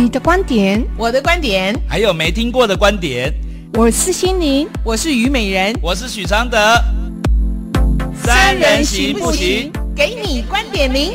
你的觀點，我的觀點，還有沒聽過的觀點。我是心靈，我是虞美人，我是許常德，三人行不行給給？給你觀點零。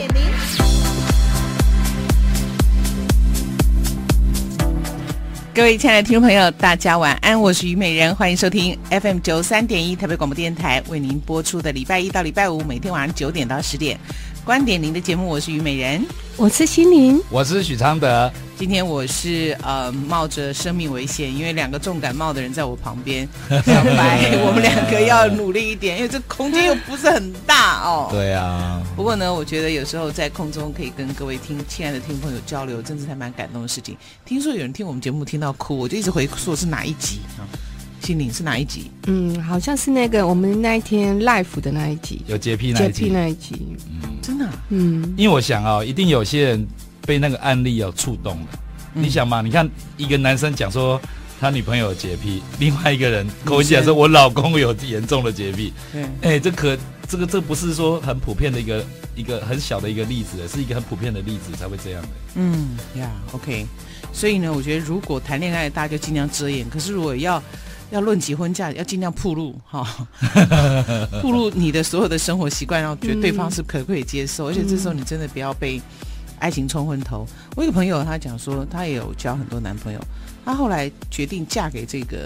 各位親愛的聽眾朋友，大家晚安。我是虞美人，歡迎收聽 FM 九三點一臺北廣播電台為您播出的禮拜一到禮拜五每天晚上九點到十點。觀點，您的節目，我是虞美人，我是心靈，我是許常德。今天我是呃冒着生命危險，因為兩個重感冒的人在我旁邊，小 白對、啊， 我們兩個要努力一點，因為這空間又不是很大哦。對啊，不過呢，我覺得有時候在空中可以跟各位聽親愛的聽眾朋友交流，真的是還蠻感動的事情。聽說有人聽我們節目聽到哭，我就一直回說是哪一集啊？心靈是哪一集？嗯，好像是那個我們那一天 life 的那一集，有潔癖那一集。潔癖那一集，嗯，真的、啊，嗯，因為我想啊、哦，一定有些人被那個案例要、哦、觸動了。你想嘛，嗯、你看一個男生講說他女朋友有潔癖，另外一個人、嗯、口姐說我老公有嚴重的潔癖，嗯，哎、欸，這可這個這不是說很普遍的一個一個很小的一個例子，是一個很普遍的例子才會這樣的。嗯，呀、yeah,，OK，所以呢，我覺得如果談戀愛，大家就儘量遮掩。可是如果要要論及婚嫁，要盡量鋪路哈，鋪、哦、路你的所有的生活習慣，要覺得對方是可不可以接受、嗯，而且這時候你真的不要被愛情沖昏頭。我有個朋友，他講說他也有交很多男朋友，他後來決定嫁給這個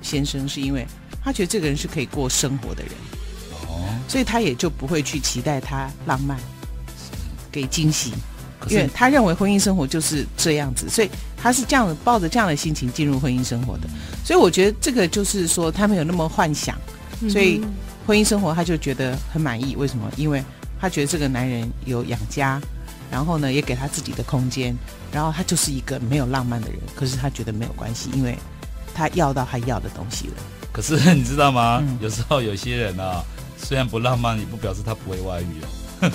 先生，是因為他覺得這個人是可以過生活的人，哦，所以他也就不會去期待他浪漫，給驚喜。因為他認為婚姻生活就是這樣子，所以他是這樣子抱着這樣的心情進入婚姻生活的。所以我覺得這個就是說他沒有那麼幻想，所以婚姻生活他就覺得很滿意。為什麼？因為他覺得這個男人有養家，然後呢也給他自己的空間，然後他就是一個沒有浪漫的人。可是他覺得沒有關係，因為他要到他要的東西了。可是你知道嗎？嗯、有時候有些人啊，雖然不浪漫，也不表示他不會外遇，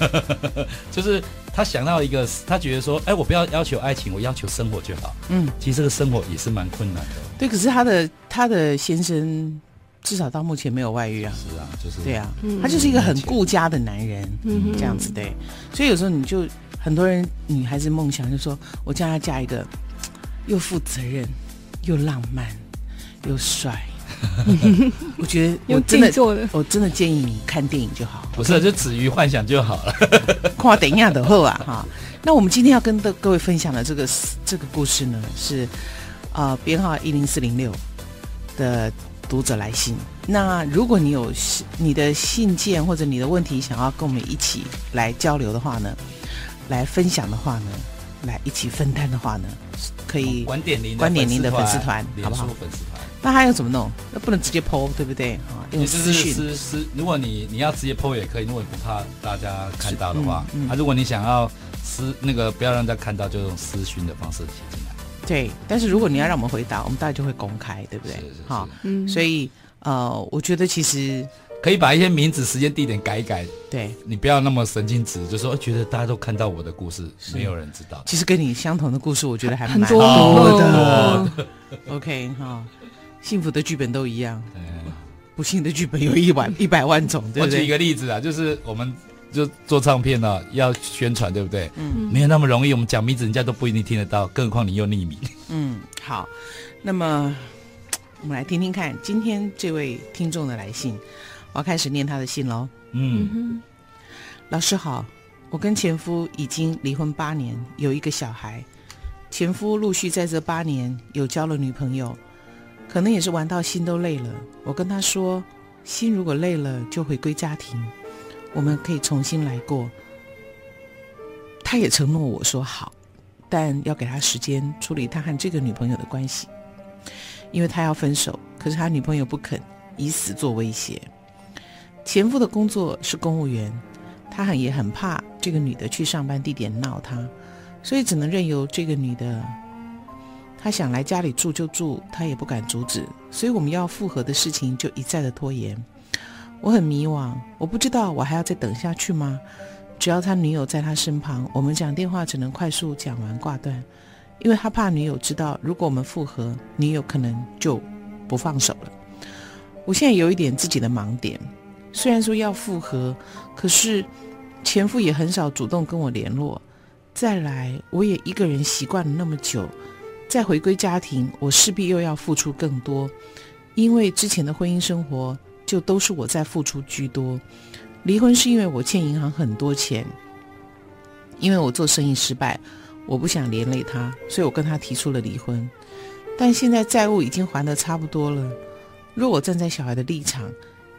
就是。他想到一個，他覺得說，哎、欸，我不要要求愛情，我要求生活就好。嗯，其實這個生活也是蠻困難的。對，可是他的他的先生，至少到目前沒有外遇啊。是啊，就是對啊，嗯嗯，他就是一個很顧家的男人，嗯嗯，這樣子對。所以有時候你就很多人女孩子夢想，就說，我將來嫁一個又負責任、又浪漫、又帥。 我覺得我真的，的，我真的建議你看電影就好，不是、okay. 就止於幻想就好了。快等一下，的。後啊，哈。那我們今天要跟的各位分享的這個這個故事呢，是啊，呃、編號一零四零六的讀者來信。那如果你有你的信件或者你的問題想要跟我們一起來交流的話呢，來分享的話呢，來一起分擔的話呢，可以觀點您的粉絲團、嗯，好不好？那還要怎麼弄？那不能直接 po，對不對？啊、哦，用私私、就是、如果你你要直接 po 也可以，如果你不怕大家看到的話。嗯，嗯。啊，如果你想要私那個不要讓大家看到，就用私訊的方式提進來。對。但是如果你要讓我們回答，我們大概就會公開，對不對？是是，是。好，嗯。所以呃，我覺得其實可以把一些名字、時間、地點改一改。對。你不要那麼神經質，就說覺得大家都看到我的故事，是沒有人知道。其實跟你相同的故事，我覺得還蠻多的。多哦 oh, OK 哈。幸福的劇本都一樣，不幸的劇本有一萬 一百萬種，對對。我舉一個例子啊，就是我們就做唱片呢、啊，要宣傳，對不對？嗯，沒有那麼容易，我們講名字，人家都不一定聽得到，更何況你又匿名。嗯，好，那麼我們來聽聽看今天這位聽眾的來信，我要開始念他的信嘍。嗯，嗯，老師好，我跟前夫已經離婚八年，有一個小孩，前夫陸續在這八年有交了女朋友。可能也是玩到心都累了，我跟他說：“心如果累了，就回歸家庭，我們可以重新來過。”他也承諾我說：“好，但要給他時間處理他和這個女朋友的關係，因為他要分手，可是他女朋友不肯，以死作威脅。前夫的工作是公務員，他很也很怕這個女的去上班地點鬧他，所以只能任由這個女的。”他想來家裡住就住，他也不敢阻止，所以我們要複合的事情就一再的拖延。我很迷惘，我不知道我還要再等下去嗎？只要他女友在他身旁，我們講電話只能快速講完掛斷，因為他怕女友知道，如果我們複合，女友可能就不放手了。我現在有一點自己的盲點，雖然說要複合，可是前夫也很少主動跟我聯絡。再來，我也一個人習慣了那麼久。再回歸家庭，我勢必又要付出更多，因為之前的婚姻生活就都是我在付出居多。離婚是因為我欠銀行很多錢，因為我做生意失敗，我不想連累他，所以我跟他提出了離婚。但現在債務已經還得差不多了，若我站在小孩的立場，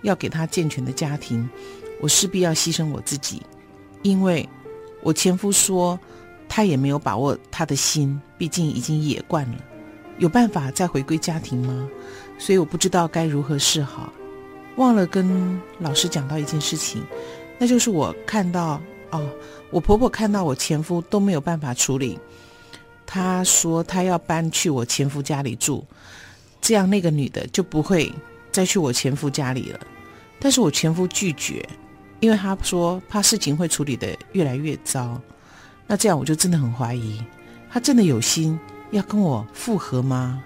要給他健全的家庭，我勢必要犧牲我自己，因為我前夫說。他也沒有把握，他的心畢竟已經野慣了，有辦法再回歸家庭嗎？所以我不知道該如何是好。忘了跟老師講到一件事情，那就是我看到哦，我婆婆看到我前夫都沒有辦法處理。她說她要搬去我前夫家裡住，這樣那個女的就不會再去我前夫家裡了。但是我前夫拒絕，因為他說怕事情會處理得越來越糟。那這樣我就真的很懷疑，他真的有心要跟我復合嗎？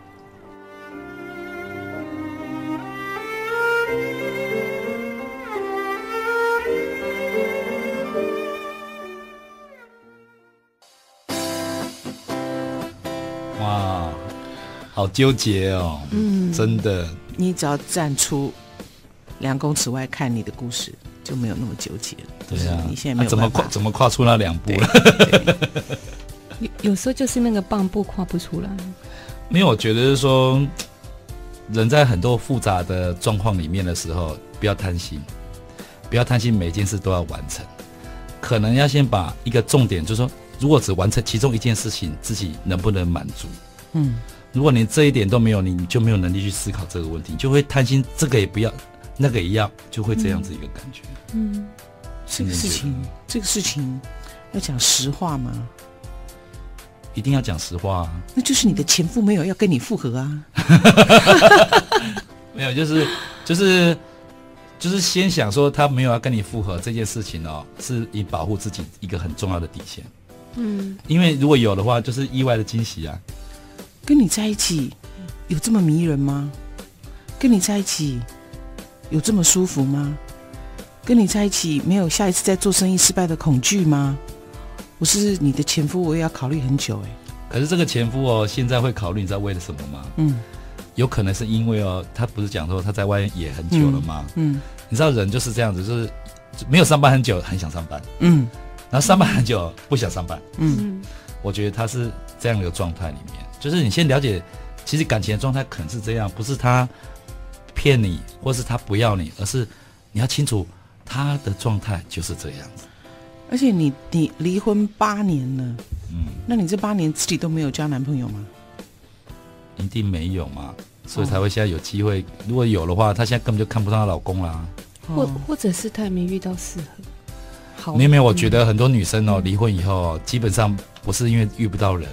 哇，好糾結哦，嗯，真的。你只要站出兩公尺外，看你的故事，就沒有那麼糾結了。對呀、啊，就是、你現在沒有、啊、怎麼跨怎麼跨出那兩步了？ 有有時候就是那個半步跨不出來。沒有，我覺得就是說，人在很多複雜的狀況裡面的時候，不要貪心，不要貪心，每一件事都要完成。可能要先把一個重點，就是說，如果只完成其中一件事情，自己能不能滿足？嗯，如果你這一點都沒有，你你就沒有能力去思考這個問題，就會貪心，這個也不要。那個一樣就會這樣子一個感覺。嗯，嗯，這個事情，嗯，這個事情要講實話嗎？一定要講實話啊！那就是你的前夫沒有要跟你復合啊？ 沒有，就是就是就是先想說他沒有要跟你復合這件事情哦，是以保護自己一個很重要的底線。嗯，因為如果有的話，就是意外的驚喜啊。跟你在一起有這麼迷人嗎？跟你在一起。有這麼舒服嗎？跟你在一起沒有下一次再做生意失敗的恐懼嗎？我是你的前夫，我也要考慮很久哎、欸。可是這個前夫哦，現在會考慮，你知道為了什麼嗎？嗯，有可能是因為哦，他不是講說他在外面也很久了嗎嗯？嗯，你知道人就是這樣子，就是沒有上班很久很想上班，嗯，然後上班很久不想上班，嗯，我覺得他是這樣的狀態裡面，就是你先了解，其實感情的狀態可能是這樣，不是他。騙你，或是他不要你，而是你要清楚他的狀態就是這樣子。而且你你離婚八年了，嗯，那你這八年自己都沒有交男朋友嗎？一定沒有嘛，所以才會現在有機會，哦。如果有的話，她現在根本就看不上她老公啦。或，哦，或者是她也沒遇到適合。你，啊，有，有我覺得很多女生哦，嗯，離婚以後，哦，基本上不是因為遇不到人，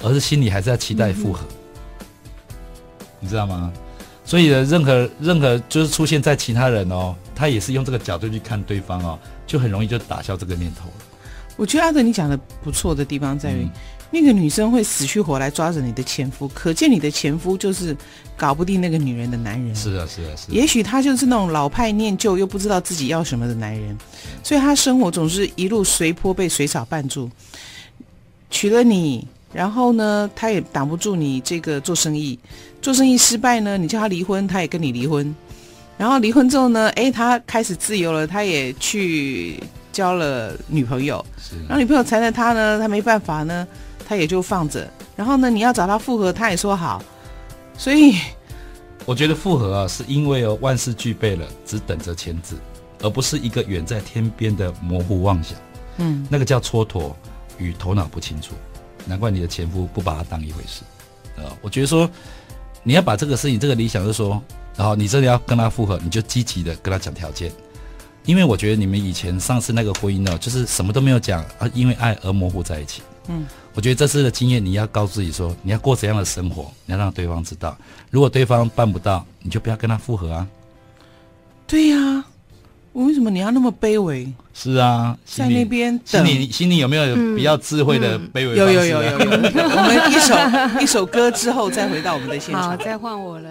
而是心裡還是在期待復合嗯嗯。你知道嗎？所以呢，任何任何就是出現在其他人哦，他也是用這個角度去看對方哦，就很容易就打消這個念頭了。我覺得阿德你講的不錯的地方在於、嗯，那個女生會死去活來抓着你的前夫，可見你的前夫就是搞不定那個女人的男人。是啊，是啊，是啊。也許他就是那種老派念舊又不知道自己要什麼的男人，啊、所以他生活總是一路隨波被水草絆住。娶了你。然後呢，他也擋不住你這個做生意，做生意失敗呢，你叫他離婚，他也跟你離婚。然後離婚之後呢，哎，他開始自由了，他也去交了女朋友。啊，然後女朋友纏着他呢，他沒辦法呢，他也就放着。然後呢，你要找他復合，他也說好。所以，我覺得復合啊，是因為哦，萬事俱備了，只等着簽字，而不是一個遠在天邊的模糊妄想。嗯，那個叫蹉跎與頭腦不清楚。難怪你的前夫不把他當一回事，啊！我覺得說，你要把這個事情、這個理想，是說，然後你真的要跟他復合，你就積極的跟他講條件，因為我覺得你們以前上次那個婚姻呢，就是什麼都沒有講啊，因為愛而模糊在一起。嗯，我覺得這次的經驗，你要告訴自己說，你要過怎樣的生活，你要讓對方知道，如果對方辦不到，你就不要跟他復合啊。對呀、啊。我為什麼你要那麼卑微？是啊，在那邊，心裡心裡有沒有,有比較智慧的卑微方式、嗯嗯、有,有,有有有有有， 我們一首 一首歌之後再回到我們的現場，好，再換我了。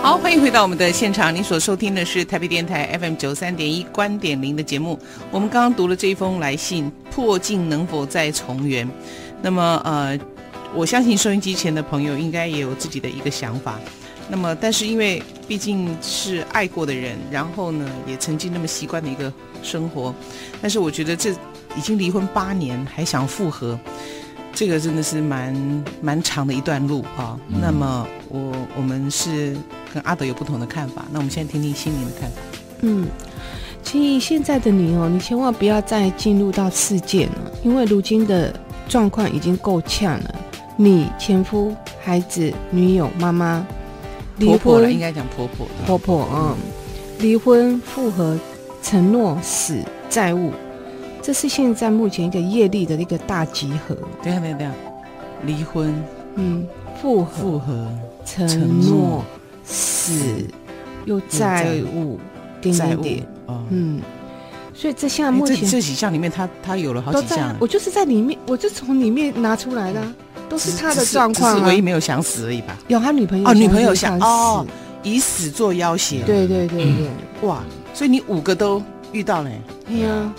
好，歡迎回到我們的現場，你所收聽的是台北電台 FM 九三點一觀點零的節目。我們剛剛讀了這一封來信，破鏡能否再重圓？那麼呃，我相信收音機前的朋友應該也有自己的一個想法。那麼，但是因為畢竟是愛過的人，然後呢，也曾經那麼習慣的一個生活，但是我覺得這已經離婚八年，還想復合，這個真的是蠻蠻長的一段路啊。嗯、那麼我，我我們是跟阿德有不同的看法，那我們現在聽聽心靈的看法。嗯，其實現在的你哦，你千萬不要再進入到世界了，因為如今的狀況已經夠嗆了。你前夫、孩子、女友、媽媽。婚婆，婆，婆婆，應該講婆婆。婆婆、啊，嗯，離婚、複合、承諾、死、債務，這是現在目前一個業力的一個大集合。對，對，對，對，離婚，嗯，複合，複合，承諾，死，又債務，債、嗯、務，哦，嗯，所以這現在目前這，這幾項裡面它，他他有了好幾項、啊。我就是在裡面，我就從裡面拿出來的、啊。都是他的狀況、啊，是，是唯一沒有想死而已吧。有他女朋友哦，女朋友想死、哦，以死做要挾、嗯。對對對對、嗯嗯，哇！所以你五個都遇到呢。哎、嗯、呀、嗯，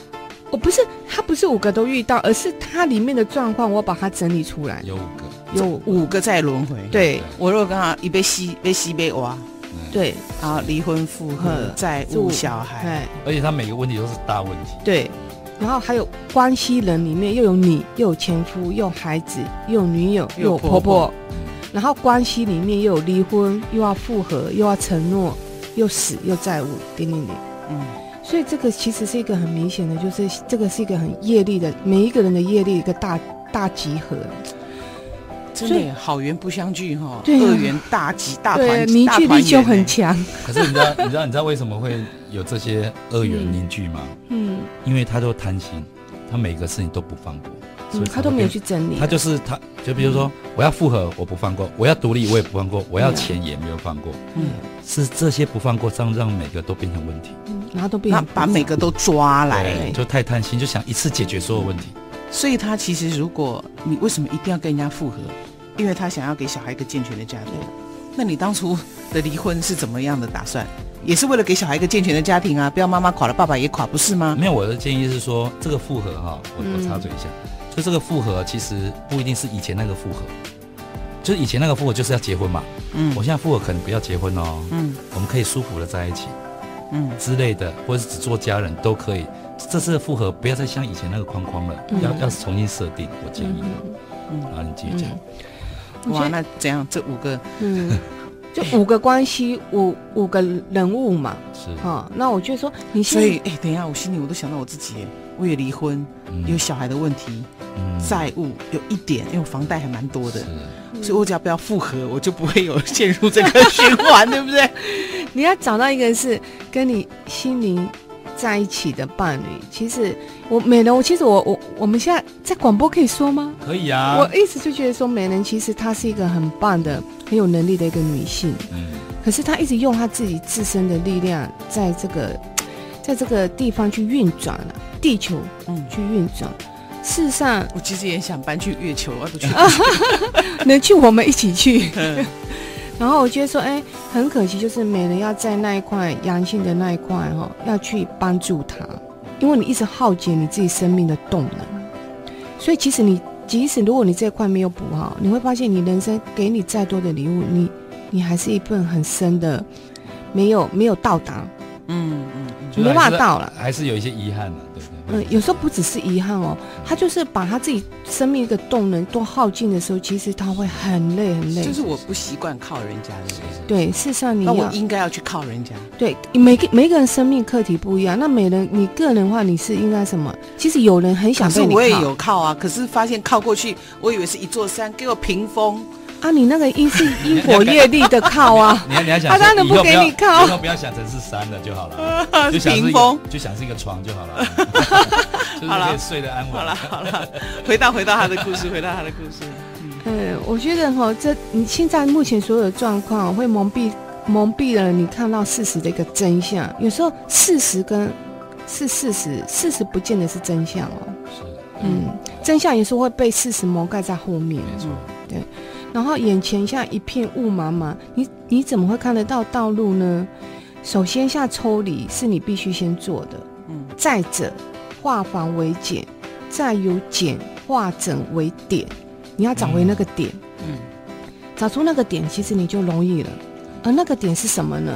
我不是他，不是五個都遇到，而是他裡面的狀況，我把它整理出來。有五個，五個有五個在輪迴。對，我如果剛好一杯吸，杯吸杯哇。對，然後離婚、復合，再務、小孩對對，而且他每個問題都是大問題。對。然後還有關係人裡面又有你，又有前夫，又有孩子，又有女友，又有婆婆。嗯、然後關係裡面又有離婚，又要復合，又要承諾，又死又債務，給你你。嗯，所以這個其實是一個很明顯的，就是這個是一個很業力的，每一個人的業力一個大大集合。真的，好緣不相聚哈、哦，惡緣、啊、大集大團，凝聚力就很強。可是你知道， 你知道，你知道為什麼會有這些惡緣凝聚嗎？嗯，因為他都貪心，他每個事情都不放過，嗯、所以他，他都沒有去整理。他就是他，就比如說、嗯，我要復合，我不放過；我要獨立，我也不放過；我要錢，也沒有放過。嗯，是這些不放過，讓讓每個都變成問題。嗯、然後都把把每個都抓來，就太貪心，就想一次解決所有問題。嗯所以他其實，如果你為什麼一定要跟人家復合？因為他想要給小孩一個健全的家庭。那你當初的離婚是怎麼樣的打算？也是為了給小孩一個健全的家庭啊，不要媽媽垮了，爸爸也垮，不是嗎？沒有，我的建議是說，這個復合哈、啊，我我插嘴一下、嗯，就這個復合其實不一定是以前那個復合，就是以前那個復合就是要結婚嘛。嗯，我現在復合可能不要結婚哦。嗯，我們可以舒服的在一起，嗯之類的，或者是只做家人都可以。這次復合不要再像以前那個框框了，要、嗯、要重新設定，我建議的。嗯，好、嗯啊，你接着講。哇，那怎樣？這五個，嗯， 就五個關係、欸，五五個人物嘛。是。啊、哦，那我就說你心裡，你所以，哎、欸，等一下，我心裡我都想到我自己，我也離婚、嗯，有小孩的問題，債、嗯、務有一點，因為我房貸還蠻多的、嗯，所以我只要不要復合，我就不會有陷入這個循環， 對不對？你要找到一個人是跟你心靈，在一起的伴侶，其實我美人，我其實我我我們現在在廣播可以說嗎？可以啊。我一直就覺得說，美人其實她是一個很棒的、很有能力的一個女性。嗯。可是她一直用她自己自身的力量，在這個，在這個地方去運轉了地球，嗯，去運轉、嗯。事實上，我其實也想搬去月球啊，不去。 能去，我們一起去。嗯然後我覺得說，哎，很可惜，就是每人要在那一塊陽性的那一塊哈、哦，要去幫助他，因為你一直耗竭你自己生命的動能。所以其實你即使如果你這一塊沒有補好，你會發現你人生給你再多的禮物，你你還是一份很深的，沒有沒有到達，嗯嗯，沒辦法到了，就是、還是有一些遺憾的、啊，對。嗯，有時候不只是遺憾哦，他就是把他自己生命一個動能都耗盡的時候，其實他會很累很累。就是我不習慣靠人家的意思。對，事實上你那我應該要去靠人家。對，每個每個人生命課題不一樣，那每人你個人的話你是應該什麼？其實有人很想被你靠。可是我也有靠啊，可是發現靠過去，我以為是一座山，給我屏風。啊，你那個因是因果業力的靠啊！ 你要你要想以後不要， 以後不要想成是山的就好了，啊、就迎風， 就想是一個床就好了，好 了 睡得安穩好了好了，回到回到他的故事，回到他的故事。 嗯，我覺得哈、哦，這你現在目前所有的狀況會蒙蔽蒙蔽了你看到事實的一個真相。有時候事實跟是事實，事實不見得是真相哦。是的，嗯，真相也是會被事實蒙蓋在後面。沒錯，嗯、對。然後眼前像一片霧茫茫，你你怎麼會看得到道路呢？首先，下抽離是你必須先做的，嗯。再者，化繁為簡，再由簡化整為點，你要找回那個點，嗯，嗯。找出那個點，其實你就容易了。而那個點是什麼呢？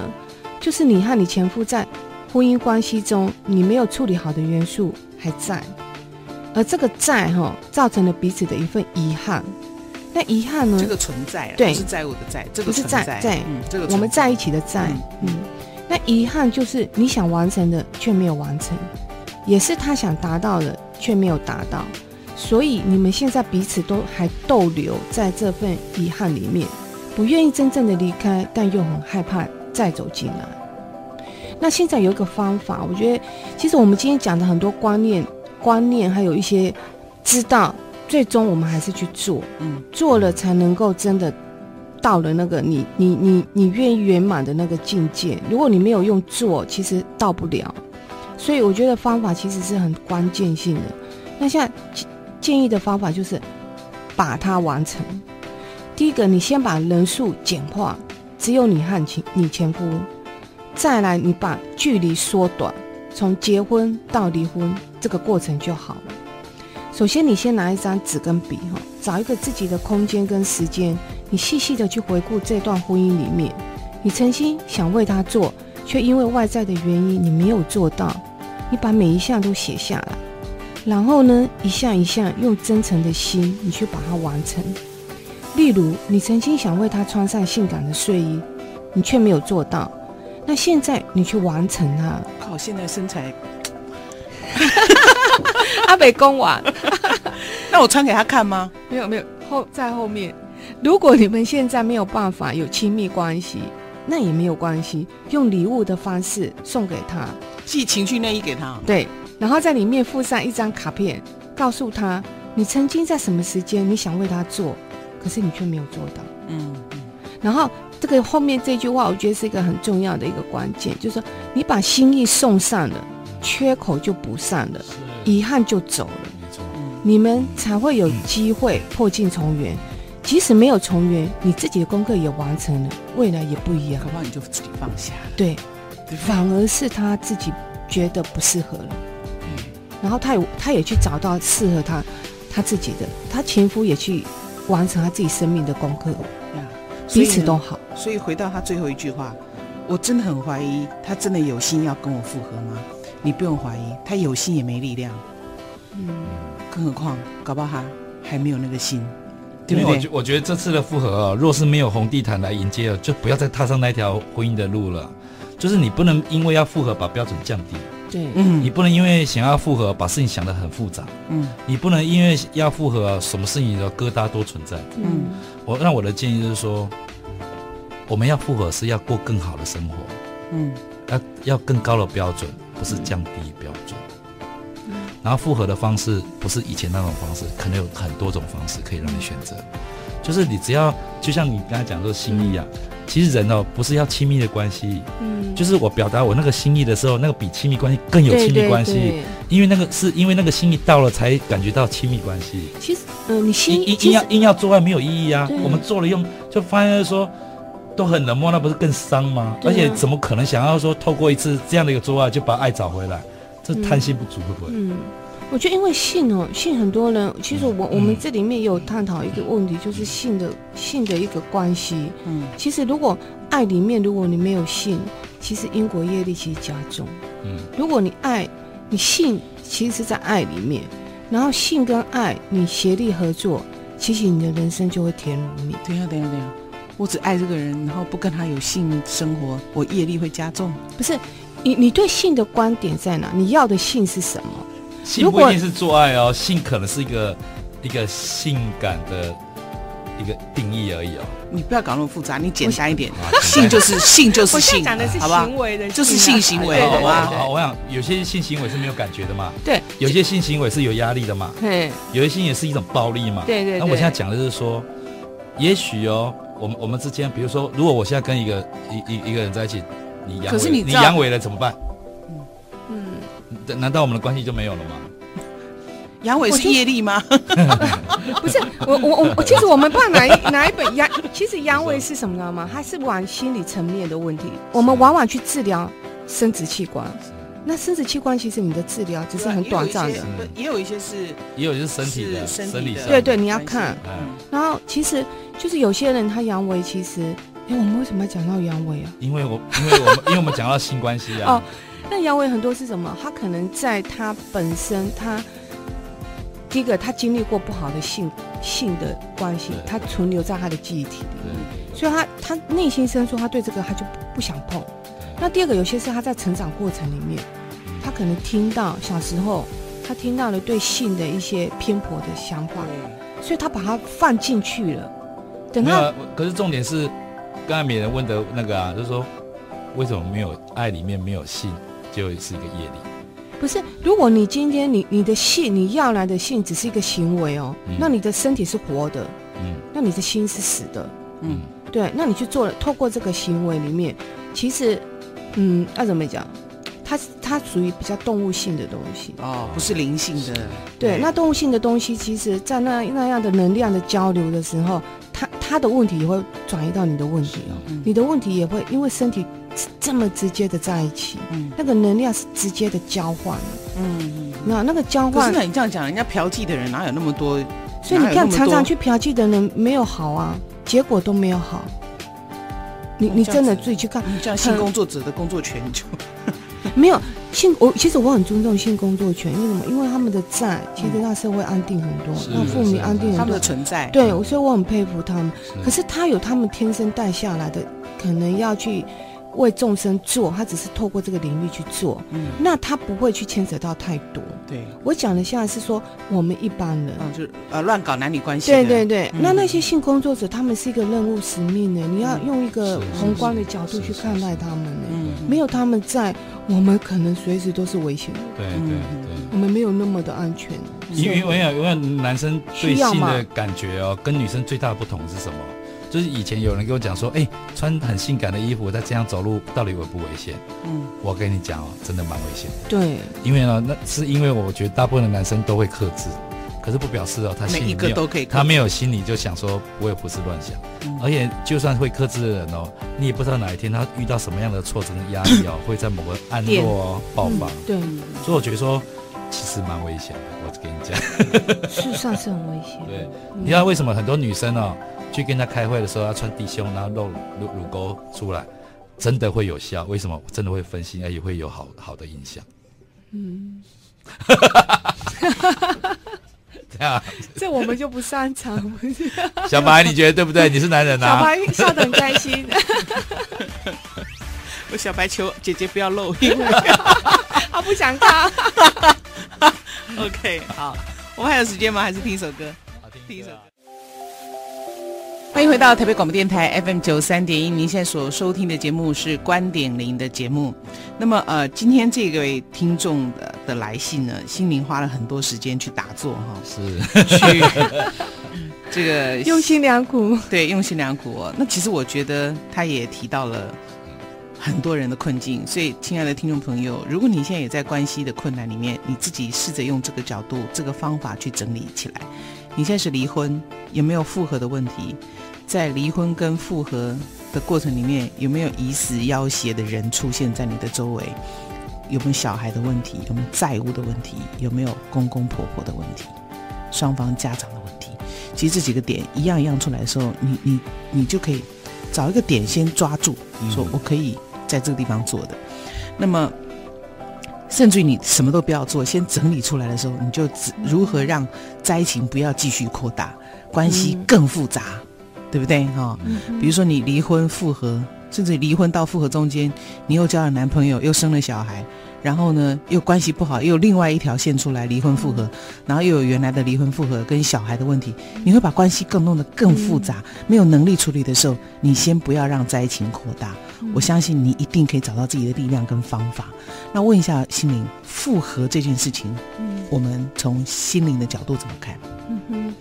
就是你和你前夫在婚姻關係中，你沒有處理好的元素還在，而這個在哈，造成了彼此的一份遺憾。那遺憾呢？這個存在、啊，對，是債務的債，不是在在，這個存在在在、嗯這個、存在我們在一起的在、嗯，嗯。那遺憾就是你想完成的卻沒有完成，也是他想達到的卻沒有達到，所以你們現在彼此都還逗留在這份遺憾裡面，不願意真正的離開，但又很害怕再走進來。那現在有一個方法，我覺得其實我們今天講的很多觀念、觀念還有一些知道。最終我們還是去做、嗯，做了才能夠真的到了那個你你你你願意圓滿的那個境界。如果你沒有用做，其實到不了。所以我覺得方法其實是很關鍵性的。那現在建議的方法就是把它完成。第一個，你先把人數簡化，只有你和前你前夫，再來你把距離縮短，從結婚到離婚這個過程就好了。首先，你先拿一張紙跟筆，哈，找一個自己的空間跟時間，你細細的去回顧這段婚姻裡面，你曾經想為他做，卻因為外在的原因你沒有做到，你把每一項都寫下來，然後呢，一項一項用真誠的心你去把它完成。例如，你曾經想為他穿上性感的睡衣，你卻沒有做到，那現在你去完成它。好、啊，現在身材。 阿北公玩， 那我穿給他看嗎？沒有沒有，後在後面。如果你們現在沒有辦法有親密關係，那也沒有關係，用禮物的方式送給他，寄情趣內衣給他，對，然後在裡面附上一張卡片，告訴他你曾經在什麼時間你想為他做，可是你卻沒有做到。嗯嗯，然後這個後面這句話，我覺得是一個很重要的一個關鍵，就是說你把心意送上了。缺口就補上了，遺憾就走了。嗯，你們才會有機會破鏡重圓。嗯。即使沒有重圓，你自己的功課也完成了，未來也不一樣。何況你就自己放下了。對，反而是他自己覺得不適合了，嗯，然後他也他也去找到適合他他自己的，他前夫也去完成他自己生命的功課，彼、啊、此都好。所以回到他最後一句話，我真的很懷疑，他真的有心要跟我復合嗎？你不用懷疑，他有心也沒力量，嗯，更何況搞不好他還沒有那個心，對不對？我我覺得這次的復合啊，若是沒有紅地毯來迎接啊，就不要再踏上那條婚姻的路了。就是你不能因為要復合把標準降低，對，嗯，你不能因為想要復合把事情想得很複雜，嗯，你不能因為要復合什麼事情的疙瘩都存在，嗯，我那我的建議就是說，我們要復合是要過更好的生活，嗯，要要更高的標準。不是降低標準，然後複合的方式不是以前那種方式，可能有很多種方式可以讓你選擇，就是你只要就像你剛才講說心意啊，其實人哦不是要親密的關係，就是我表達我那個心意的時候，那個比親密關係更有親密關係，因為那個是因為那個心意到了才感覺到親密關係、呃。其實，嗯，你心意硬要硬要做愛沒有意義啊，我們做了用就發現就說。都很冷漠，那不是更傷嗎、啊？而且怎麼可能想要說透過一次這樣的一個做愛就把愛找回來？這貪心不足會不會、嗯？嗯，我覺得因為性哦、喔，性很多人其實我、嗯、我們這裡面也有探討一個問題，嗯、就是性的、嗯、性的一個關係。嗯，其實如果愛裡面如果你沒有性，其實因果業力其實加重。嗯，如果你愛你性其實是在愛裡面，然後性跟愛你協力合作，其實你的人生就會甜如蜜。等下等下等下。我只愛這個人，然後不跟他有性生活，我業力會加重。不是，你你對性的觀點在哪？你要的性是什麼？性不一定是做愛哦，性可能是一個一個性感的一個定義而已哦。你不要搞那麼複雜，你簡單一點。啊、性就是性就是性， 好不好？我現在講的是行為的、啊，就是性行為，對對對吧好吧？好，我想有些性行為是沒有感覺的嘛，對，有些性行為是有壓力的嘛，對，有些性也是一種暴力嘛，對對。那我現在講的就是說，也許哦。我們我們之間，比如說，如果我現在跟一個一一一個人在一起，你陽可是你你陽痿了怎麼辦？嗯，嗯，難道我們的關係就沒有了嗎？陽痿是業力嗎？是 不是，我我我，其實我們不哪一 哪一本陽，其實陽痿是什麼是，哦，知道嗎？它是往心理層面的問題，我們往往去治療生殖器官。那生殖器官其實你的治療只是很短暫的，啊也嗯，也有一些是，嗯、也有一些是身體的生理的，的對，對對，你要看、嗯。然後其實就是有些人他陽痿，其實哎、嗯欸，我們為什麼要講到陽痿啊？因為我因為我， 因為我們因為我們講到性關係啊。 哦，那陽痿很多是什麼？他可能在他本身，他第一個他經歷過不好的性性的關係，他存留在他的記憶體裡面，所以他他內心深處他對這個他就不，不想碰。那第二個有些是他在成長過程裡面，嗯、他可能聽到小時候，他聽到了對性的一些偏頗的想法、嗯，所以他把它放進去了。那、啊、可是重點是，剛才沒人問的那個啊，就是說為什麼沒有愛裡面沒有性，就是一個業力。不是，如果你今天你你的性你要來的性只是一個行為哦、嗯，那你的身體是活的，嗯，那你的心是死的，嗯，嗯對，那你去做了，透過這個行為裡面，其實。嗯，那、啊、怎麼講？它它屬於比較動物性的東西哦，不是靈性的對。對，那動物性的東西，其實在那那樣的能量的交流的時候，它它的問題也會轉移到你的問題哦、嗯，你的問題也會因為身體這麼直接的在一起，嗯、那個能量是直接的交換、啊嗯嗯。嗯，那那個交換。現在你這樣講，人家嫖妓的人哪有那麼多？所以你看，常常去嫖妓的人沒有好啊，結果都沒有好。你你真的自己去看，這樣性工作者的工作權就， 沒有性我其實我很尊重性工作權，因為什麼、嗯？因為他們的在，其實讓社會安定很多，讓父母安定很多，他們的存在，對，所以我很佩服他們。是可是他有他們天生帶下來的，可能要去。為眾生做，他只是透過這個領域去做，嗯、那他不會去牽扯到太多。對。我講的現在是說，我們一般人、啊、就是呃、啊、亂搞男女關係。對對對、嗯，那那些性工作者，他們是一個任務使命的、嗯，你要用一個宏觀的角度去看待他們。呢、嗯。沒有他們在，我們可能隨時都是危險的。對對、嗯、對，我們沒有那麼的安全。因為我想，因為男生對性的感覺哦，跟女生最大的不同是什麼？就是以前有人跟我講說，哎、欸，穿很性感的衣服在這樣走路，到底危不危險？嗯，我跟你講哦、喔，真的蠻危險。對，因為呢、喔，那是因為我覺得大部分的男生都會克制，可是不表示哦、喔，他心裡有都他沒有心裡就想說我也胡思亂想、嗯，而且就算會克制的人哦、喔，你也不知道哪一天他遇到什麼樣的挫折、喔、壓力哦，會在某個暗落爆、喔、發、嗯。對，所以我覺得說其實蠻危險的，我跟你講，是算是很危險。對、嗯，你知道為什麼很多女生哦、喔？去跟他開會的時候要穿低胸，然後露露乳溝出來，真的會有效？為什麼？我真的會分心，而且會有好好的印象。嗯， 這樣，這我們就不擅長 小白，你覺得對不對？你是男人吶、啊？小白笑得很開心。 我小白求姐姐不要露， 他不想看。 OK，好，我們還有時間嗎？還是聽一首歌？聽一首歌。歡迎回到台北廣播電台 FM 九三點一，您現在所收聽的節目是觀點零的節目。那麼，呃，今天這位聽眾的，的來信呢，心靈花了很多時間去打坐，哈，是去 這個用心良苦，對，用心良苦哦。那其實我覺得他也提到了很多人的困境，所以，親愛的聽眾朋友，如果你現在也在關係的困難裡面，你自己試着用這個角度、這個方法去整理起來。你現在是離婚，有沒有復合的問題？在離婚跟復合的過程裡面，有沒有以死要挾的人出現在你的周圍？有沒有小孩的問題？有沒有債務的問題？有沒有公公婆婆的問題？雙方家長的問題？其實這幾個點一樣一樣出來的時候，你你你就可以找一個點先抓住，說我可以在這個地方做的。嗯、那麼。甚至於你什麼都不要做，先整理出來的時候，你就只如何讓災情不要繼續擴大，關係更複雜，對不對？哈、哦，比如說你離婚復合，甚至離婚到復合中間，你又交了男朋友，又生了小孩。然後呢，又關係不好，又有另外一條線出來離婚復合，然後又有原來的離婚復合跟小孩的問題，你會把關係更弄得更複雜。嗯、沒有能力處理的時候，你先不要讓災情擴大、嗯。我相信你一定可以找到自己的力量跟方法。那問一下心靈，復合這件事情，嗯、我們從心靈的角度怎麼看？嗯哼，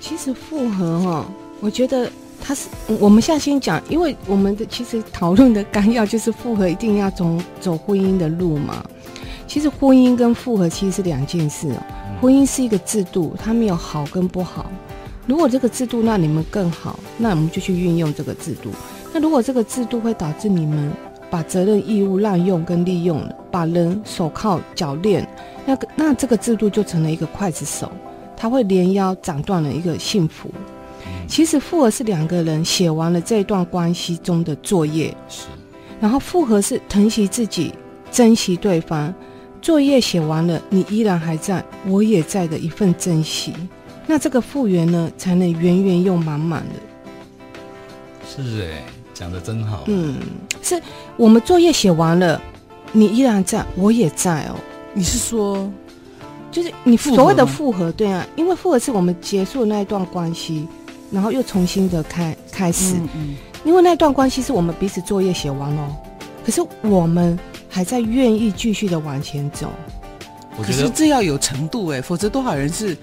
其實復合哈、哦，我覺得。他是、嗯、我們現在先講，因為我們的其實討論的綱要就是複合一定要走走婚姻的路嘛。其實婚姻跟複合其實是兩件事哦。婚姻是一個制度，它沒有好跟不好。如果這個制度讓你們更好，那我們就去運用這個制度。那如果這個制度會導致你們把責任義務濫用跟利用了，把人手銬腳鏈，那個、那這個制度就成了一個劊子手，他會連腰斬斷了一個幸福。其實復合是兩個人寫完了這一段關係中的作業，是，然後復合是疼惜自己，珍惜對方，作業寫完了，你依然還在，我也在的一份珍惜，那這個復原呢，才能圓圓又滿滿的。是哎、欸，講得真好。嗯，是我們作業寫完了，你依然在，我也在哦。你是說， 就是你所謂的復合，復合對啊？因為復合是我們結束的那一段關係。然後又重新的開開始、嗯嗯，因為那段關係是我們彼此作業寫完嘍，可是我們還在願意繼續的往前走。可是這要有程度哎、欸，否則多少人是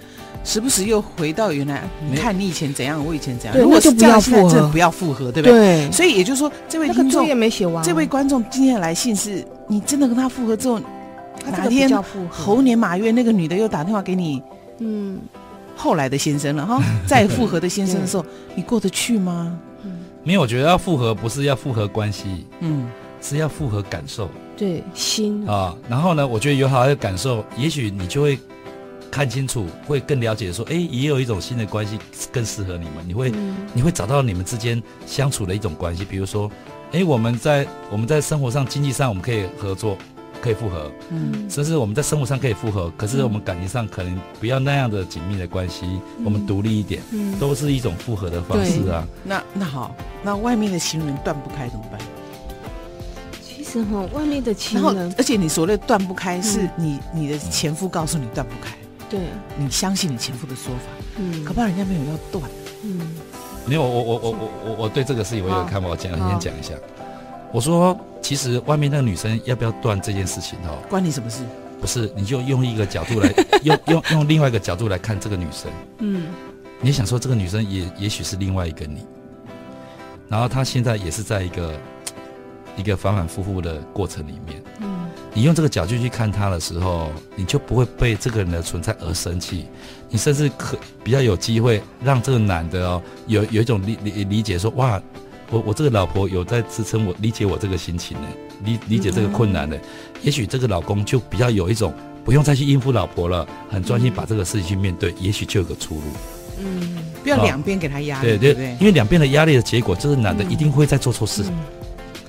時不時又回到原來。嗯、你看你以前怎樣，我以前怎樣。如果是這樣不要現不要復合，對不對,對？所以也就是說，這位觀眾、那個、作業沒寫完。這位觀眾今天的來信是：你真的跟他復合之後，哪個他天猴年馬月那個女的又打電話給你？嗯。後來的先生了哈、哦，再復合的先生的時候， 你過得去嗎？沒有，我覺得要復合不是要復合關係，嗯，是要復合感受，對，心啊。然後呢，我覺得有好，好的感受，也許你就會看清楚，會更了解，說，哎，也有一種新的關係更適合你們，你會、嗯，你會找到你們之間相處的一種關係。比如說，哎，我們在我們在生活上、經濟上，我們可以合作。可以復合，嗯，甚至我們在生活上可以復合，嗯，可是我們感情上可能不要那樣的緊密的關係，嗯，我們獨立一點，嗯，都是一種復合的方式啊。那那好，那外面的情人斷不開怎麼辦？其實哈，外面的情人，而且你所謂斷不開，是你、嗯、你，你的前夫告訴你斷不開，對、嗯，你相信你前夫的說法，嗯，可怕人家沒有要斷，嗯，沒有，我我我我我我對這個事，我有看法，我講，我先講一下。我說，其實外面那個女生要不要斷這件事情哦，關你什麼事？不是，你就用一個角度來， 用用用另外一個角度來看這個女生。嗯，你想說這個女生也也許是另外一個你，然後她現在也是在一個一個反反复复的過程裡面。嗯，你用這個角度去看她的時候，你就不會被這個人的存在而生氣，你甚至可比較有機會讓這個男的哦，有有一種理理理解說哇。我我這個老婆有在支撐我，理解我這個心情呢，理理解這個困難呢、嗯。也許這個老公就比較有一種不用再去應付老婆了，很專心把這個事情去面對，嗯、也許就有個出路。嗯，不要兩邊給他壓力，對對，對，對對？因為兩邊的壓力的結果，就是男的一定會再做錯事。嗯嗯、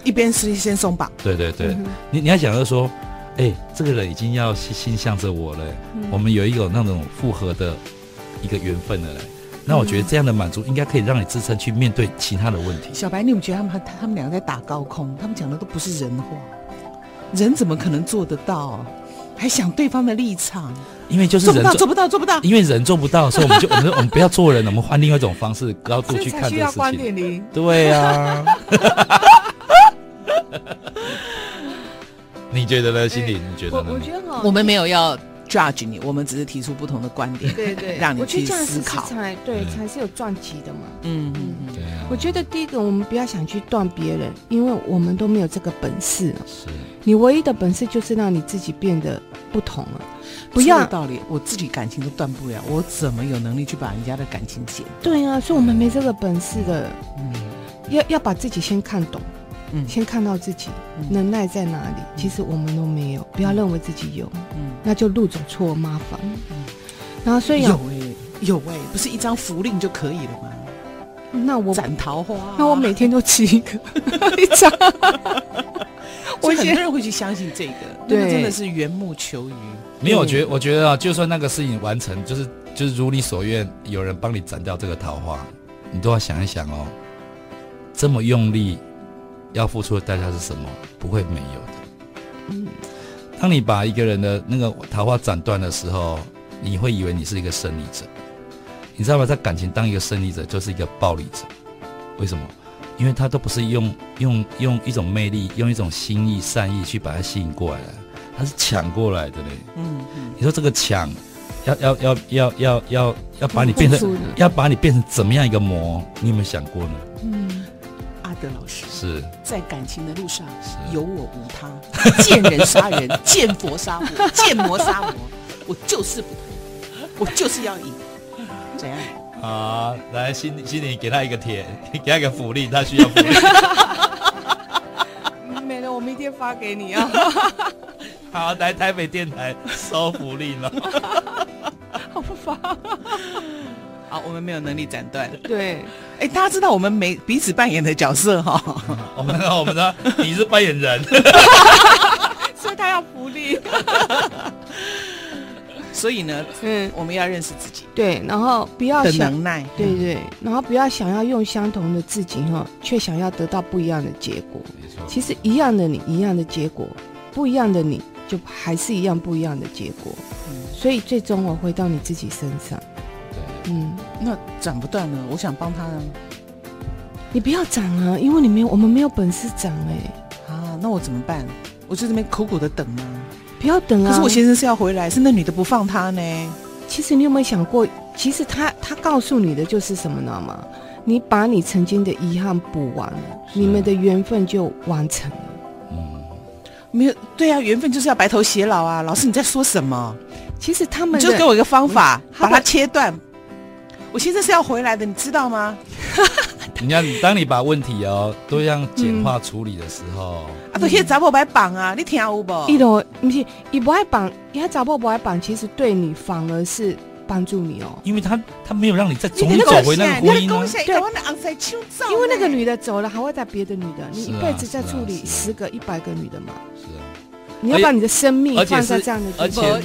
一邊是先鬆綁。對對對，嗯、你你要想就說，哎、欸，這個人已經要心心向着我了、嗯，我們有一種那種複合的一個緣分了。那我覺得這樣的滿足應該可以讓你自身去面對其他的問題、嗯。小白，你們覺得他們他們兩個在打高空，他們講的都不是人話，人怎麼可能做得到、啊？還想對方的立場？因為就是人做，做不到，做不到，做不到。因為人做不到的時候，所 以我們就我們我們不要做人，我們換另外一種方式，高度去看這事情。對啊。 你覺得呢，心、欸、理？你覺得呢？欸、我覺得好。我們沒有要 judge 你，我們只是提出不同的觀點，對對，對， 讓你去思考，是是才對，對，才是有撞擊的嘛。嗯嗯嗯、啊。我覺得第一個，我們不要想去斷別人，因為我們都沒有這個本事。是。你唯一的本事就是讓你自己變得不同了，不要道理。我自己感情都斷不了，我怎麼有能力去把人家的感情解？對啊，所以我們沒這個本事的、嗯。要要把自己先看懂。嗯、先看到自己，嗯、能耐在哪裡，嗯，其實我們都沒有，不要認為自己有，嗯、那就路走錯，麻煩，然後所以有哎、欸、有哎、欸，不是一張符令就可以了嗎？那我斬桃花？啊，那我每天都吃 一個一張。我有些人會去相信這個，對 真的是緣木求魚。沒有，我覺得我覺得啊，就算那個事情完成，就是就是如你所願，有人幫你斬掉這個桃花，你都要想一想哦，這麼用力，要付出的代價是什麼？不會沒有的。嗯，當你把一個人的那個桃花斬斷的時候，你會以為你是一個勝利者，你知道吧？在感情當一個勝利者，就是一個暴力者。為什麼？因為他都不是用用用一種魅力，用一種心意善意去把他吸引過來的，他是搶過來的嘞。嗯嗯，你說這個搶，要要要要要要要把你變成要把你變成怎麼樣一個魔？你有沒有想過呢？老師是在感情的路上有我無他，見人殺人， 見佛殺佛，見魔殺魔，我就是不我就是要贏，怎樣？啊，來，心裡心裡給他一個甜，給他一個福利，他需要福利。 沒了，我明天發給你啊。好，來台北電台收福利了。 好不發、啊。好、哦，我們沒有能力斬斷。對，哎、欸，大家知道我們每彼此扮演的角色哈 、哦？我們呢？我們你是扮演人， 所以他要福利。 所以他要福利 所以呢，嗯，我們要認識自己。對，然後不要想能耐，對,對對。然後不要想要用相同的自己哈，卻想要得到不一樣的結果、嗯嗯。其實一樣的你，一樣的結果；不一樣的你，就還是一樣不一樣的結果。嗯、所以最終我回到你自己身上。嗯，那斬不斷了，我想幫他、啊。你不要斬啊，因為你們我們沒有本事斬哎、欸。啊，那我怎麼辦？我就這邊苦苦的等嗎、啊？不要等啊！可是我先生是要回來，是那女的不放他呢？其實你有沒有想過？其實他他告訴你的就是什麼呢嘛，你把你曾經的遺憾補完了、啊，你們的緣分就完成了。嗯，沒有，對啊，緣分就是要白頭偕老啊！老師你在說什麼？其實他們就是給我一個方法，把，把它切斷。我現在是要回來的，你知道嗎？人 家當你把問題哦、嗯、都這樣簡化處理的時候，嗯、啊，都不是找不到綁啊，你聽到我不？一儂不是伊不愛綁，你還找不到不愛綁，其實對你反而是幫助你哦。因為他他沒有讓你再總走，走回那個婚姻，啊，對。因為那個女的走了，還會帶別的女的，你一輩子在處理十個、一百、啊啊啊啊啊，個、個女的嘛，啊？你要把你的生命放在這樣的地方嗎？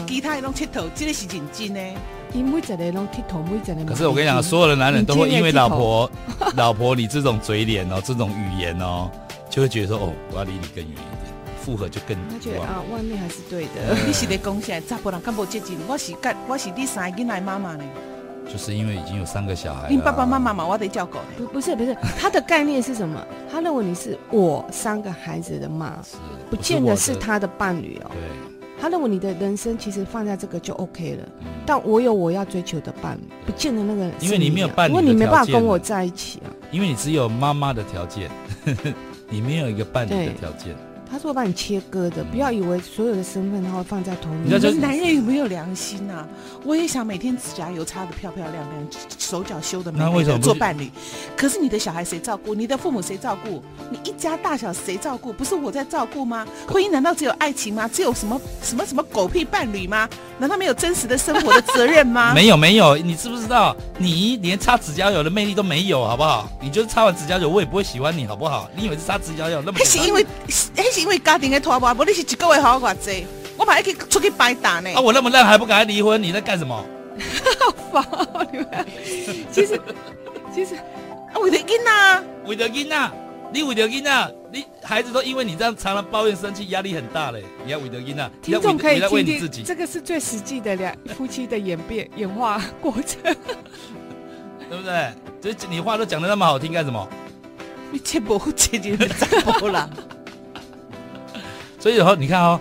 可是我跟你講，所有的男人都會因為老婆、 老婆你這種嘴臉哦，這種語言哦，就會覺得說哦，我要離你更遠一點，復合就更遠了……他覺得啊、哦，外面還是對的。對你是來貢獻，咋不麼接近？我是干，我是你三個小孩的媽媽呢。就是因為已經有三個小孩，你爸爸媽媽嘛，我得叫狗。不不是不是，他的概念是什麼？ 他認為你是我三個孩子的媽，是,我是我不見得是他的伴侶哦。對。他認為你的人生其實放在這個就 OK 了，嗯，但我有我要追求的伴侶，不見得那個人啊，因為你沒有伴侶的條件，因為你沒辦法跟我在一起啊。因為你只有媽媽的條件，呵呵，你沒有一個伴侶的條件。他是會把你切割的、嗯，不要以為所有的身份他會放在同一、就是、男人有沒有良心吶、啊？我也想每天指甲油擦的漂漂亮亮，手，手腳修的美美的，那為什麼做伴侶？可是你的小孩誰照顧？你的父母誰照顧？你一家大小誰照顧？不是我在照顧嗎？婚姻難道只有愛情嗎？只有什麼什麼什麼、什麼狗屁伴侶嗎？難道沒有真實的生活的責任嗎？ 沒有沒有，你知不知道？你連擦指甲油的魅力都沒有，好不好？你就是擦完指甲油，我也不會喜歡你好不好？你以為是擦指甲油那麼？還是因為？因為家庭的拖磨無你是一個月好寡子，我把他給出去擺打呢。啊，我那麼爛還不趕快離婚，你在幹什麼？ 好煩、喔、你們、啊、其實 其實，其實啊，為了孩子啊，為了孩子啊，你為了孩子啊，你孩子都因為你這樣常常抱怨生氣，壓力很大嘞。你要為了孩子啊，你總可以為你自己，這個是最實際的兩夫妻的演變 演化過程， 對不對這、就是、你話都講得那麼好聽，幹什麼？你切不切的再播啦 所以以後、哦、你看哦，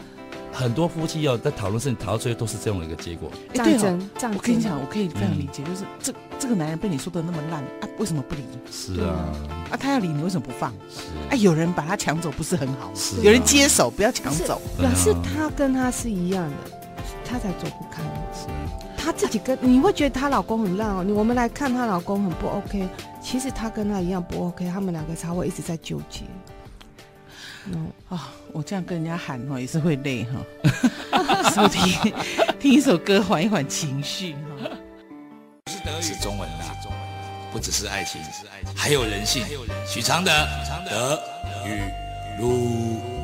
很多夫妻要、哦、在討論事情逃出去都是這樣的一個結果。戰、欸、爭，對、哦。我跟你講，我可以這樣理解、嗯，就是這這個男人被你說的那麼爛啊，為什麼不離？是啊。啊，他要離，你為什麼不放？是。哎、啊，有人把他搶走，不是很好是、啊啊。有人接手，不要搶走。表示、啊、他跟他是一樣的，他才走不開。是。他自己跟、啊、你會覺得她老公很爛哦，我們來看她老公很不 OK，其實他跟他一樣不 OK，他們兩個才會一直在糾結。嗯、哦，我這樣跟人家喊哦，也是會累哈。哦、 是是聽聽一首歌，緩一緩情緒、哦、是中文啦，不只是愛情，還有人性。許常德，德語錄。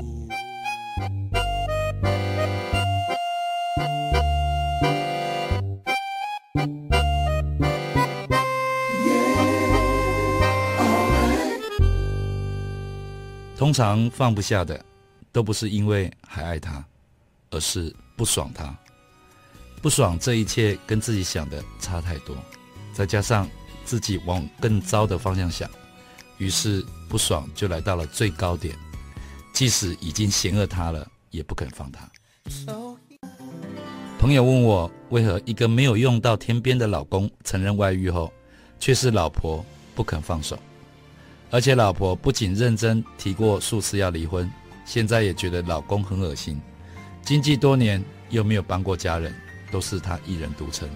通常放不下的，都不是因為還愛他，而是不爽他，不爽這一切跟自己想的差太多，再加上自己往更糟的方向想，於是不爽就來到了最高點。即使已經嫌惡他了，也不肯放他。So... 朋友問我，為何一個沒有用到天邊的老公承認外遇後，卻是老婆不肯放手？而且老婆不僅認真提過數次要離婚，現在也覺得老公很噁心，經濟多年又沒有幫過家人，都是她一人獨撐，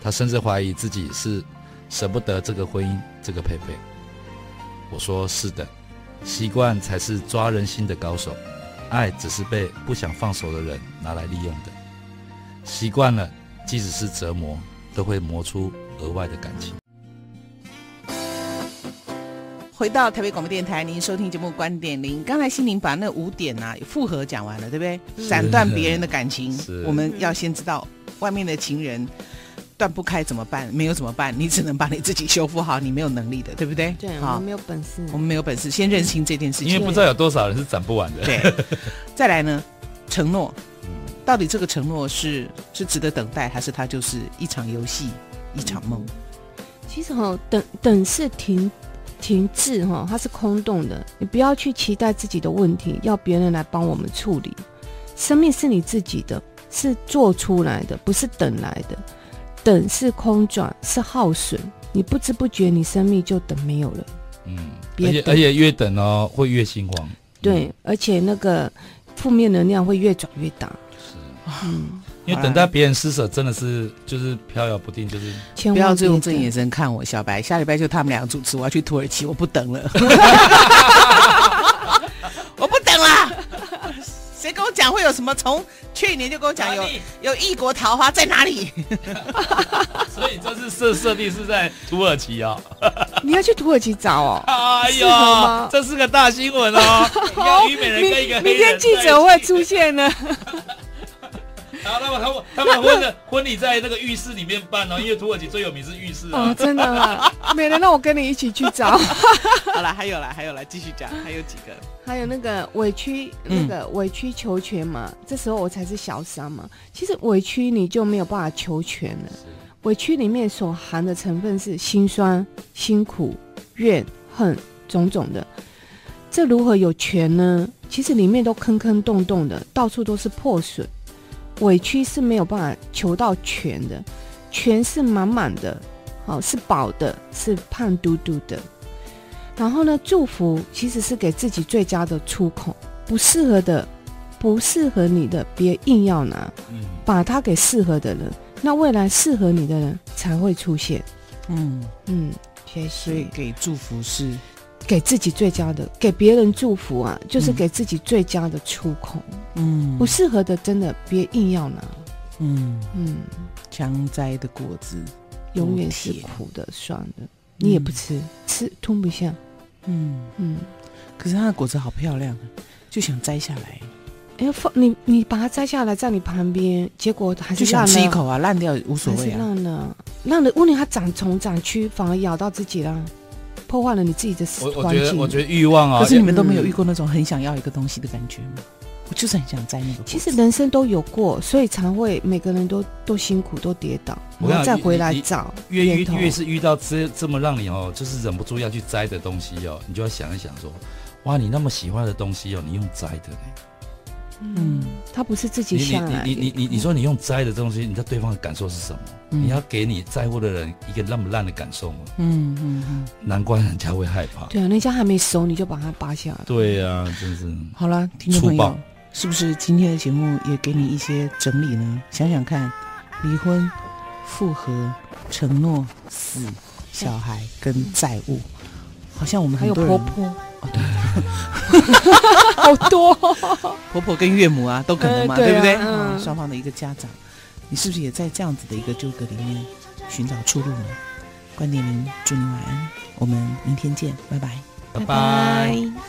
她甚至懷疑自己是捨不得這個婚姻，這個配備。我說是的，習慣才是抓人心的高手，愛只是被不想放手的人拿來利用的，習慣了，即使是折磨，都會磨出額外的感情。回到台北廣播電台，您收聽節目《觀點》。您剛才心靈把那五點吶、啊、復合講完了，對不對？斬斷別人的感情，我們要先知道外面的情人斷不開怎麼辦？沒有怎麼辦？你只能把你自己修復好，你沒有能力的，對不對？對，我們沒有本事，我們沒有本事，先認清這件事情、嗯。因為不知道有多少人是斬不完的。對，再來呢，承諾、嗯，到底這個承諾是是值得等待，還是它就是一場遊戲一場夢、嗯？其實好等等是停。停滯哈、哦，它是空洞的。你不要去期待自己的問題，要別人來幫我們處理。生命是你自己的，是做出來的，不是等來的。等是空轉，是耗損。你不知不覺，你生命就等沒有了。嗯，別而且而且越等哦，會越心慌，嗯。對，而且那個負面能量會越轉越大。是，嗯。因為等待別人施舍真的是就是飄搖不定，就是千萬別別別不要用這種眼神看我，小白。下禮拜就他們兩個主持，我要去土耳其，我不等了， 我不等了。誰跟我講會有什麼？從去年就跟我講有有異國桃花在哪裡？ 所以這次設設定是在土耳其啊、哦，你要去土耳其找哦？哎呀，這是個大新聞哦！美人跟一個人一明明天記者會出現呢。 然後他們，他們他們婚的婚禮在那個浴室裡面辦哦，因為土耳其最有名是浴室、啊、哦，真的嗎？美的，那我跟你一起去找。 好了，還有嘞，還有嘞，繼續講， 還有幾個，還有那個委屈，那個委曲求全嘛、嗯，這時候我才是小三嘛。其實委屈你就沒有辦法求全了，委屈裡面所含的成分是心酸、辛苦、怨恨種種的，這如何有全呢？其實裡面都坑坑洞洞的，到處都是破損。委屈是沒有辦法求到全的，全是滿滿的，好是飽的，是胖嘟嘟的。然後呢，祝福其實是給自己最佳的出口，不適合的，不適合你的，別硬要拿，嗯、把它給適合的人，那未來適合你的人才會出現。嗯嗯，所以給祝福是。給自己最佳的，給別人祝福啊，就是給自己最佳的出口。嗯，不適合的，真的別硬要拿。嗯嗯，強摘的果子永遠是苦的、酸的，你也不吃，嗯、吃吞不下。嗯嗯，可是它的果子好漂亮，啊，就想摘下來。哎、欸，放你你把它摘下來在你旁邊，結果還是就想吃一口啊，爛掉也無所謂啊，爛了爛了，萬一它長蟲長蛆，反而咬到自己了。破壞了你自己的環境，我，我覺得，我覺得慾望啊，哦，可是你們都沒有遇過那種很想要一個東西的感覺嗎？嗯，我就是很想摘那個。其實人生都有過，所以才會每個人都都辛苦，都跌倒，然後再回來找。越遇越，越是遇到這這麼讓你哦，就是忍不住要去摘的東西哦，你就要想一想說，哇，你那麼喜歡的東西哦，你用摘的呢？嗯，他不是自己想，啊，你你你你，你，你，你，你說你用摘的東西，你知道對方的感受是什麼？嗯，你要給你在乎的人一個那麼爛的感受嗎？嗯嗯嗯，難怪人家會害怕。對啊，人家還沒熟，你就把它拔下來。對啊，真是。好了，聽眾朋友，是不是今天的節目也給你一些整理呢？想想看，離婚、復合、承諾、死、嗯、小孩跟債務、欸、嗯，好像我們還有婆婆。哦，對， 好多、哦、婆婆跟岳母啊，都可能嘛，哎對，啊、對不對、嗯？雙方的一個家長，你是不是也在這樣子的一個糾葛裡面尋找出路呢？觀點您，祝您晚安，我們明天見，拜拜，拜拜。拜拜。